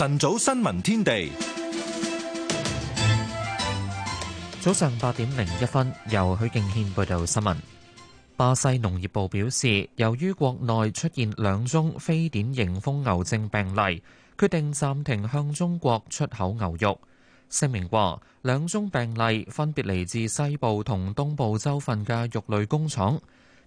晨早新聞天地，早上八點零一分，由許敬軒報道新聞。巴西農業部表示，由於國內出現兩宗非典型瘋牛症病例，決定暫停向中國出口牛肉。聲明話，兩宗病例分別嚟自西部同東部州份嘅肉類工廠。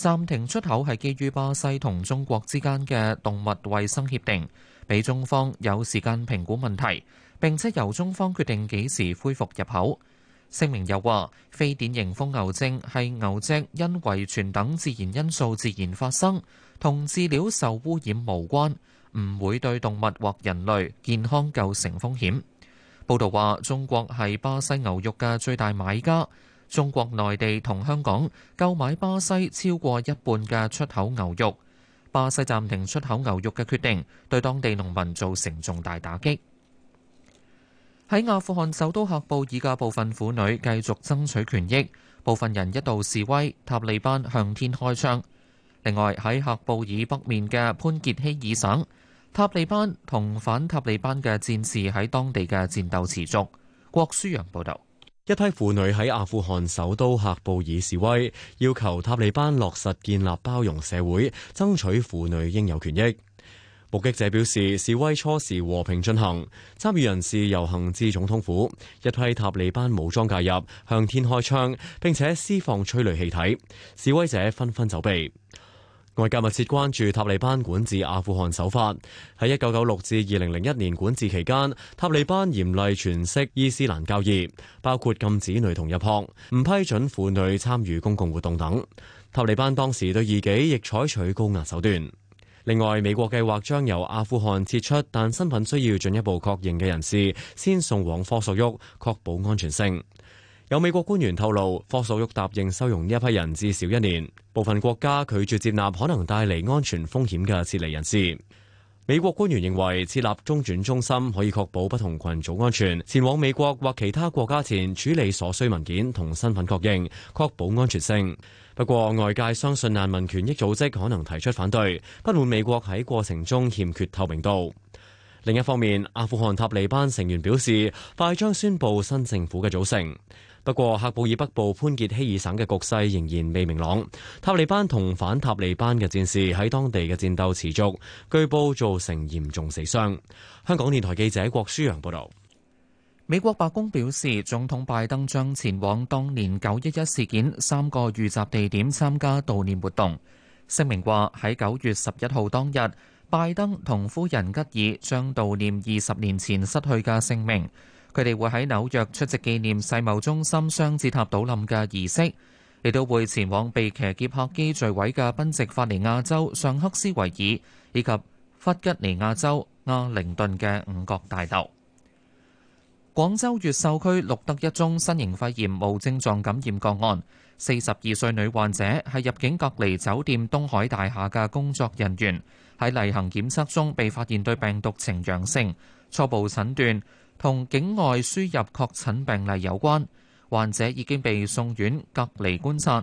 暫停出口係基於巴西同中國之間嘅動物衛生協定，俾中方有時間評估問題，並且由中方決定幾時恢復入口。聲明又話，非典型瘋牛症係牛隻因遺傳等自然因素自然發生，同飼料受污染無關，唔會對動物或人類健康構成風險。報導話，中國係巴西牛肉嘅最大買家。中國內地同香港購買巴西超過一半嘅出口牛肉，巴西暫停出口牛肉嘅決定，對當地農民造成重大打擊。喺阿富汗首都喀布爾嘅部分婦女繼續爭取權益，部分人一度示威，塔利班向天開槍。另外喺喀布爾北面嘅潘傑希爾省，塔利班同反塔利班嘅戰士喺當地嘅戰鬥持續。郭舒陽報導。一批婦女喺阿富汗首都喀布爾示威，要求塔利班落實建立包容社會，爭取婦女應有權益。目擊者表示，示威初時和平進行，參與人士遊行至總統府，一批塔利班武裝介入，向天開槍，並且施放催淚氣體，示威者紛紛走避。外界密切關注塔利班管治阿富汗手法。喺一九九六至二零零一年管治期間，塔利班嚴厲詮釋伊斯蘭教義，包括禁止女童入學、唔批准婦女參與公共活動等。塔利班當時對異己亦採取高壓手段。另外，美國計劃將由阿富汗撤出，但身份需要進一步確認嘅人士，先送往科索沃確保安全性。有美國官員透露，科索沃答應收容呢一批人至少一年。部分國家拒絕接納可能帶嚟安全風險嘅撤離人士。美國官員認為設立中轉中心可以確保不同群組安全前往美國或其他國家前處理所需文件同身份確認，確保安全性。不過外界相信難民權益組織可能提出反對，不滿美國喺過程中欠缺透明度。另一方面，阿富汗塔利班成員表示，快將宣布新政府嘅組成。不過，喀布爾北部潘傑希爾省嘅局勢仍然未明朗。塔利班同反塔利班嘅戰士喺當地嘅戰鬥持續，據報造成嚴重死傷。香港電台記者郭舒揚報道。美國白宮表示，總統拜登將前往當年九一一事件三個遇襲地點參加悼念活動。聲明話喺九月十一號當日，拜登同夫人吉爾將悼念二十年前失去嘅性命。佢哋會喺紐約出席紀念世貿中心雙子塔倒冧嘅儀式，亦都會前往被騎劫客機墜毀嘅賓夕法尼亞州尚克斯維爾以及弗吉尼亞州阿靈頓嘅五角大樓。廣州越秀區錄得一宗新型肺炎無症狀感染個案，四十二歲女患者係入境隔離酒店東海大廈嘅工作人員，喺例行檢測中被發現對病毒呈陽性，初步診斷，同境外輸入確診病例有關，患者已經被送院隔離觀察。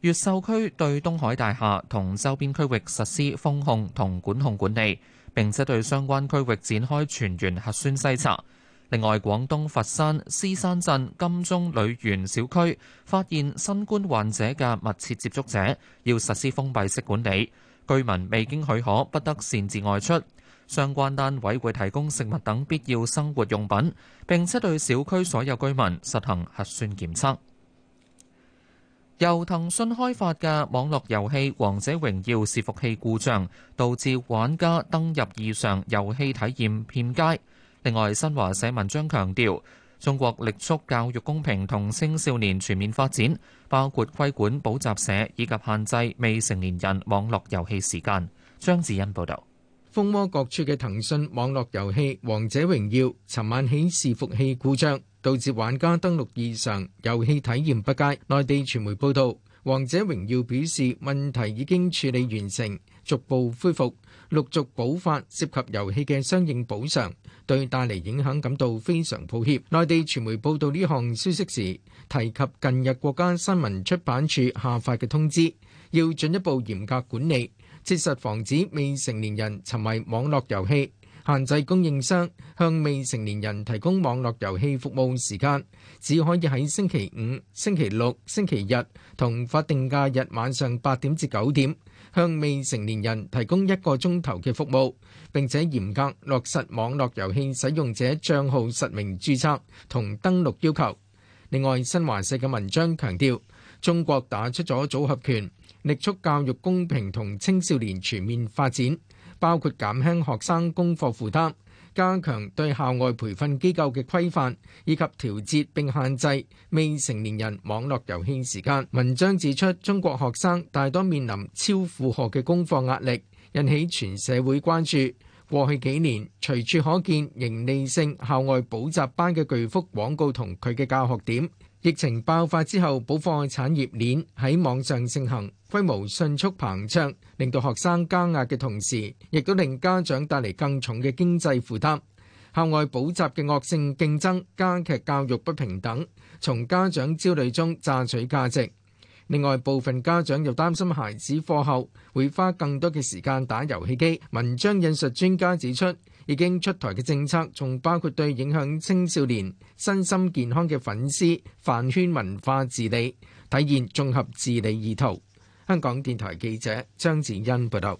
越秀區對東海大廈同周邊區域實施封控同管控管理，並且對相關區域展開全員核酸篩查。另外，廣東佛山獅山鎮金鐘旅園小區發現新冠患者嘅密切接觸者，要實施封閉式管理，居民未經許可不得擅自外出。相關單位會提供食物等必要生活用品，並且對小區所有居民實行核酸檢測。由騰訊開發嘅網絡遊戲《王者榮耀》伺服器故障，導致玩家登入異常，遊戲體驗欠佳。另外，新華社文章強調，中國力促教育公平同青少年全面發展，包括規管補習社以及限制未成年人網絡遊戲時間。張子欣報道。風靡各處嘅騰訊網絡遊戲《王者榮耀》尋晚起伺服器故障，導致玩家登錄異常，遊戲體驗不佳。內地傳媒報道，《王者榮耀》表示問題已經處理完成，逐步恢復，陸續補發涉及遊戲嘅相應補償，對帶嚟影響感到非常抱歉。內地傳媒報道呢項消息時，提及近日國家新聞出版署下發嘅通知，要進一步嚴格管理。切實防止未成年人沉迷網絡遊戲，限制供應商向未成年人提供網絡遊戲服務時間，只可以喺星期五、星期六、星期日同法定假日晚上八點至九點向未成年人提供一個鐘頭嘅服務，並且嚴格落實網絡遊戲使用者帳號實名註冊同登錄要求。另外，新華社嘅文章強調，中國打出咗組合拳，力促教育公平同青少年全面發展，包括減輕學生功課負擔，加強對校外培訓機構嘅規範，以及調節並限制未成年人網絡遊戲時間。文章指出，中國學生大多面臨超負荷嘅功課壓力，引起全社會關注。過去幾年，隨處可見盈利性校外補習班嘅巨幅廣告同佢嘅教學點。疫情爆發之後，補課產業鏈喺網上盛行，規模迅速膨脹，令到學生加壓嘅同時，亦都令家長帶嚟更重嘅經濟負擔。校外補習嘅惡性競爭，加劇教育不平等，從家長焦慮中榨取價值。另外，部分家長又擔心孩子課後會花更多嘅時間打遊戲機。文章引述專家指出，已經出台嘅政策仲包括對影響青少年身心健康嘅粉絲飯圈文化治理，體現綜合治理意圖。香港電台記者張智欣報道，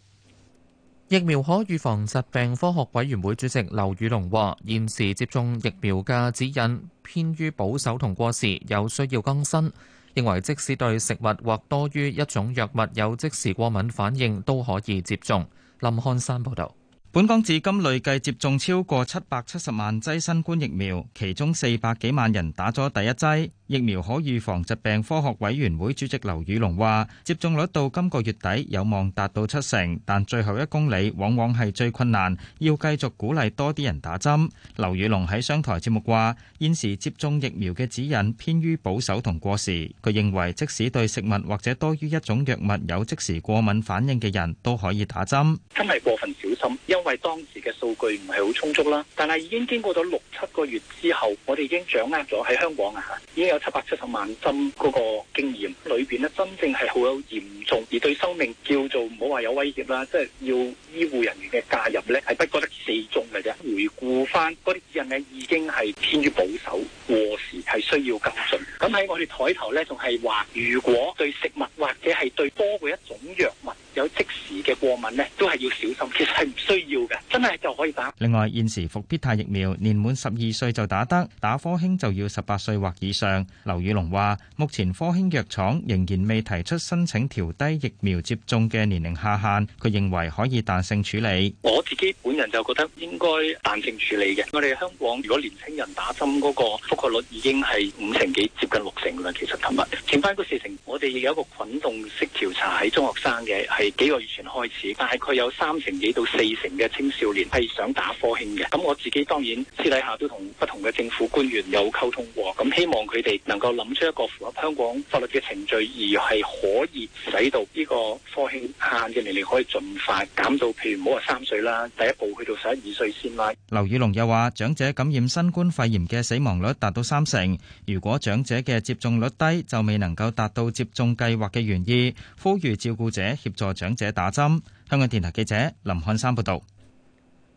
疫苗可預防疾病科學委員會主席劉宇龍話：現時接種疫苗嘅指引偏於保守同過時，有需要更新。認為，即使對食物或多於一種藥物有即時過敏反應，都可以接種。林漢山報導。本港至今累計接種超過七百七十萬劑新冠疫苗，其中四百幾萬人打咗第一劑。疫苗可預防疾病科學委員會主席劉宇龍話，接種率到今個月底有望達到七成，但最後一公里往往係最困難，要繼續鼓勵多啲人打針。劉宇龍喺商台節目話，現時接種疫苗嘅指引偏於保守同過時。佢認為，即使對食物或者多於一種藥物有即時過敏反應嘅人都可以打針，真係過分小心。因因為當時嘅數據唔係好充足啦，但係已經經過咗六七個月之後，我哋已經掌握咗喺香港啊，已經有七百七十萬針嗰個經驗裏邊咧，真正係好有嚴重而對生命叫做唔好話有威脅啦，即係要醫護人員嘅介入咧，係不過得四宗嘅啫。回顧翻嗰啲指引咧，已經係偏於保守，過時係需要跟進。咁喺我哋抬頭咧，仲係話如果對食物或者係對多過一種藥物，有即時嘅過敏呢，都係要小心。其實係唔需要嘅，真係就可以打。另外，現時復必泰疫苗年滿十二歲就打得，打科興就要十八歲或以上。劉宇龍話：目前科興藥廠仍然未提出申請調低疫苗接種嘅年齡下限，佢認為可以彈性處理。我自己本人就覺得應該彈性處理嘅。我哋香港如果年輕人打針嗰個覆蓋率已經係五成幾，接近六成㗎啦。其實琴日前番個事情，我哋亦有一個滾動式調查喺中學生嘅係。幾個月前開始，大概有三成幾到四成嘅青少年係想打科興嘅。咁我自己當然私底下都同不同嘅政府官員有溝通過，咁希望佢哋能夠諗出一個符合香港法律嘅程序，而係可以使到呢個科興限嘅年齡可以盡快減到，譬如唔好話三歲啦，第一步去到十一二歲先啦。劉宇龍又話，長者感染新冠肺炎嘅死亡率達到三成，如果長者嘅接種率低，就未能夠達到接種計劃嘅原意，呼籲照顧者協助,者協助,者協助者。長者打針。香港電台記者林漢山報道。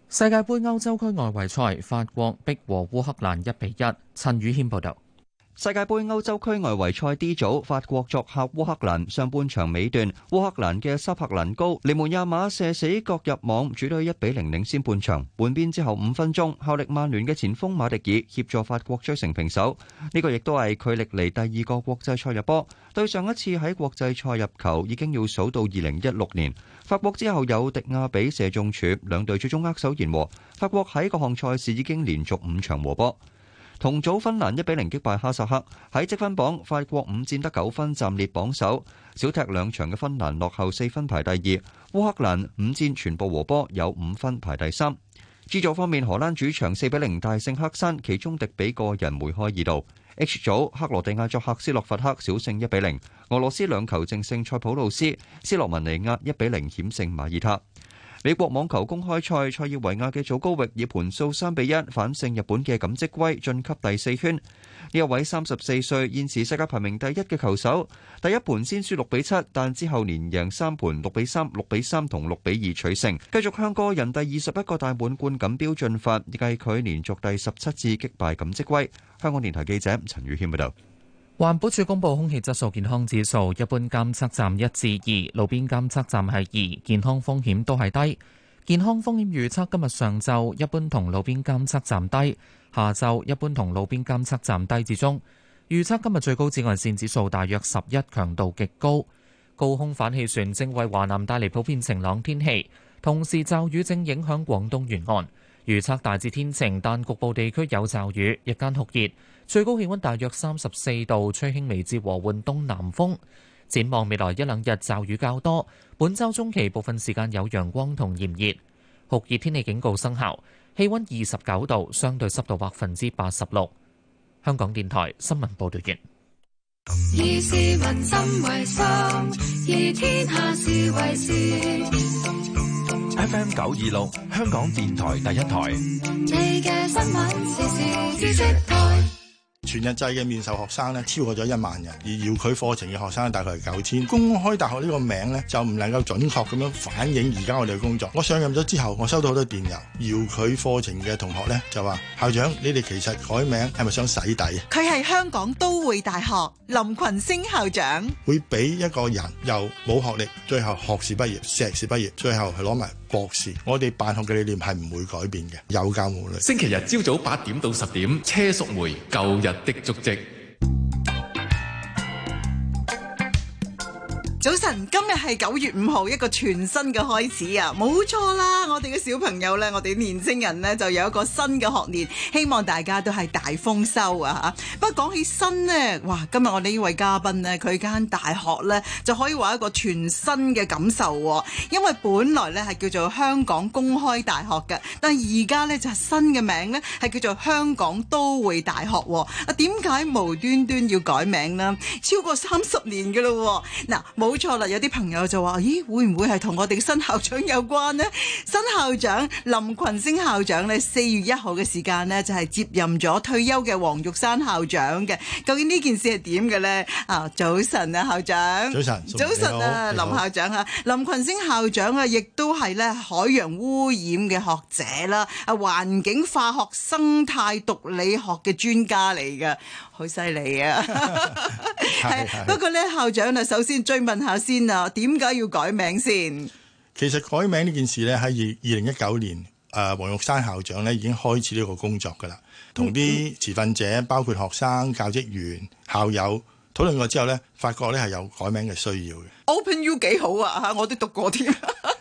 世界盃歐洲區外圍賽，法國逼和烏克蘭一比一。陳宇軒報道。世界杯歐洲區外圍賽 D 組，法國作客烏克蘭。上半場尾段，烏克蘭嘅沙柏蘭高尼門亞馬射死角入網，主隊一比零領先半場。換邊之後五分鐘，效力曼聯嘅前鋒馬迪爾協助法國追成平手。呢個亦都係佢歷嚟第二個國際賽入波。對上一次喺國際賽入球已經要數到二零一六年。法國之後有迪亞比射中柱，兩隊最終握手言和。法國喺各項賽事已經連續五場和波。同組芬蘭一比零擊敗哈薩克，喺積分榜法國五戰得九分，暫列榜首；少踢兩場嘅芬蘭落後四分排第二。烏克蘭五戰全部和波，有五分排第三。G 組方面，荷蘭主場四比零大勝黑山，其中迪比個人梅開二度。H 組克羅地亞作客斯洛伐克小勝一比零，俄羅斯兩球淨勝塞浦路斯，斯洛文尼亞一比零險勝馬耳他。美國網球公開賽，塞爾維亞嘅祖高域以盤數三比一反勝日本嘅錦織圭晉級第四圈。呢一位三十四歲、現時世界排名第一嘅球手，第一盤先輸六比七，但之後連贏三盤六比三、六比三同六比二取勝，繼續向個人第二十一個大滿貫錦標進發。亦係佢連續第十七次擊敗錦織圭。香港電台記者陳宇謙報道。環保署公布空氣質素健康指數，一般監測站一至二，路邊監測站係二，健康風險都係低。健康風險預測今日上晝一般同路邊監測站低，下晝一般同路邊監測站低至中。預測今日最高紫外線指數大約十一，強度極高。高空反氣旋正為華南帶嚟普遍晴朗天氣，同時驟雨正影響廣東沿岸。預測大致天晴，但局部地區有驟雨，日間酷熱，最高氣溫大約三十四度，吹輕微至和緩東南風。展望未來一兩日驟雨較多，本周中期部分時間有陽光同炎熱。酷熱天氣警告生效，氣溫二十九度，相對濕度百分之八十六。香港電台新聞報道員。以 FM 九二六，香港電台第一台。全日制嘅面授學生咧超過咗一萬人，而遙距課程嘅學生大概係九千。公開大學呢個名咧就唔能夠準確咁樣反映而家我哋嘅工作。我上任咗之後，我收到好多電郵，遙距課程嘅同學咧就話：校長，你哋其實改名係咪想洗底？佢係香港都會大學林群星校長，會俾一個人又冇學歷，最後學士畢業、碩士畢業，最後係攞埋博士。我哋辦學嘅理念係唔會改變嘅，有教無類。星期日朝早八點到十點，車淑梅舊日。的足跡。今日係九月五號，一個全新嘅開始啊，冇錯啦！我哋嘅小朋友呢，我哋年青人呢，就有一個新嘅學年，希望大家都係大豐收啊吓！不過講起新呢，哇，今日我哋呢位嘉賓呢，佢間大學呢，就可以話一個全新嘅感受，因為本來呢係叫做香港公開大學嘅，但係而家呢就係新嘅名呢，係叫做香港都會大學。啊，點解無端端要改名呢？超過三十年嘅咯，嗱，冇錯。有啲朋友就話，咦，會唔會係同我哋嘅新校長有關咧？新校長林群星校長咧，四月一號嘅時間咧，就係接任咗退休嘅黃玉山校長嘅。究竟呢件事係點嘅呢？啊、哦，早晨啊，校長，早晨，早晨，早晨啊，林校長啊，林群星校長啊，亦都係咧海洋污染嘅學者啦，啊，環境化學、生態毒理學嘅專家嚟噶，好犀利啊！係， 不過咧，校長啊，首先追問一下。先啊，點解要改名先？其實改名呢件事咧，喺二二零一九年，誒，黃玉山校長咧已經開始呢個工作噶啦，同啲持份者，包括學生、教職員、校友討論過之後咧，發覺咧係有改名嘅需要嘅。Open U 幾好啊，吓，我都讀過添。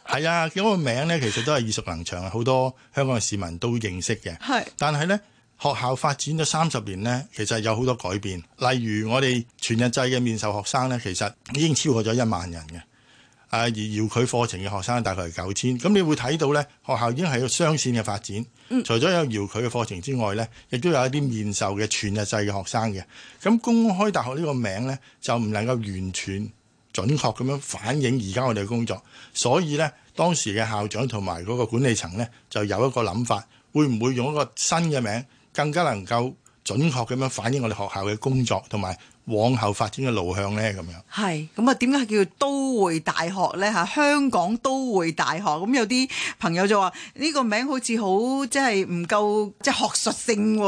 係啊，咁個名咧，其實都係耳熟能詳啊，好多香港嘅市民都認識嘅。係，但係咧。學校發展咗三十年呢，其實有好多改變。例如我哋全日制嘅面授學生呢，其實已經超過咗一萬人嘅。啊，而遙距課程嘅學生大概係九千。咁你會睇到呢，學校已經係雙線嘅發展。除咗有遙距嘅課程之外呢，亦都有一啲面授嘅全日制嘅學生嘅。咁公開大學呢個名呢，就唔能夠完全準確咁樣反映而家我哋嘅工作。所以呢，當時嘅校長同埋嗰個管理層呢，就有一個諗法，會唔會用一個新嘅名？更加能夠準確咁樣反映我哋學校嘅工作同埋往後發展嘅路向咧，咁樣，係，咁啊點解叫都會大學咧吓？香港都會大學。咁有啲朋友就話呢個名好似好即係唔夠即係學術性喎。